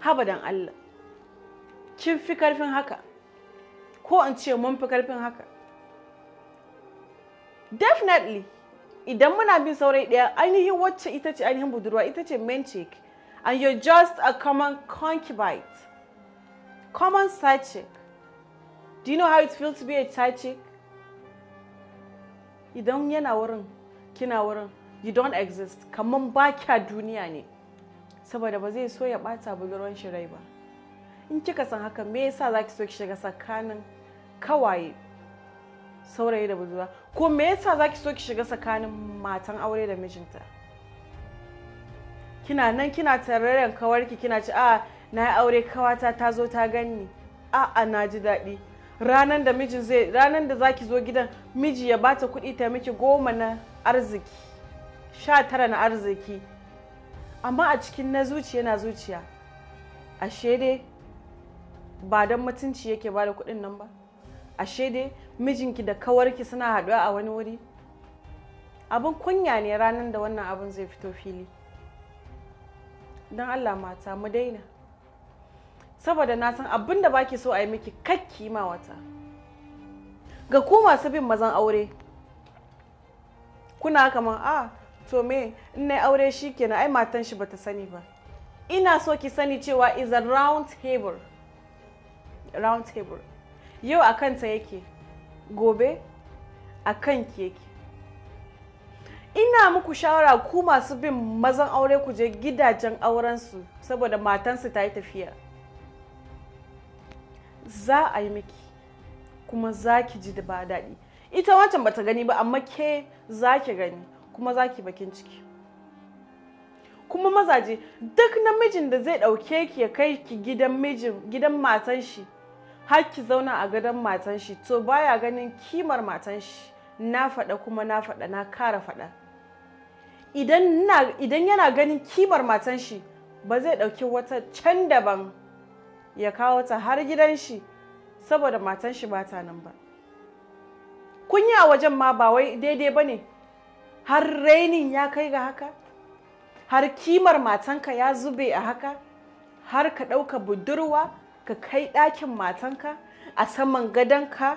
habadan Allah kin fi karfin haka ko in ce mun fi karfin haka definitely idan muna bin saurayi ɗaya ainihin wacce ita ce ainihin budurwa ita ce main chick and you're just a common concubine common side chick do you know how it feels to be a side chick idan yana wurin kina wurin you don't exist kaman ba kya duniya ne saboda ba zai so ya bata budurwan Shirai ba in kika san haka me yasa zaki so ki shiga tsakanin kawaye saurayi da budurwa ko me yasa zaki so ki shiga tsakanin matan aure da mijinta kina nan kina tararen kawarki kina ci a na yi aure kawata ta zo ta ganni a a na ji daɗi ranan da mijin zai ranan da zaki zo gidan miji ya bata kuɗi ta miki goma na arziki sha tara na arziki amma a cikin na zuciya na zuciya ashe dai ba don mutunci yake ba da kuɗin nan ba ashe dai mijinki da kawarki suna haɗuwa a wani wuri abin kunya ne ranar da wannan abin zai fito fili don allah mata mu daina saboda na san abin da baki so a yi miki kakki ma wata ga ku masu bin mazan aure kuna kamar a ah, to me in na aure shi kenan ai matan shi bata sani ba ina so ki sani cewa is a round table round table yau a kanta yake gobe a kan yake ina muku shawara ku masu bin mazan aure ku je gidajen aurensu saboda matansu ta yi tafiya za a yi miki kuma za ki ji da ba daɗi ita wancan bata gani ba amma ke za ki gani kuma za ki bakin ciki kuma mazaje duk namijin da zai ɗauke ki ya kai ki gidan mijin gidan matan shi har ki zauna a gadon matan shi to baya ganin kimar matan shi na faɗa kuma na faɗa na kara faɗa idan yana ganin kimar matan shi ba zai ɗauki wata can daban ya kawo ta har gidan shi saboda matan shi ba ta nan ba kunya wajen ma ba wai daidai ba ne har rainin ya kai ga haka har kimar matanka ya zube a haka har ka ɗauka budurwa ka kai ɗakin matanka a saman gadonka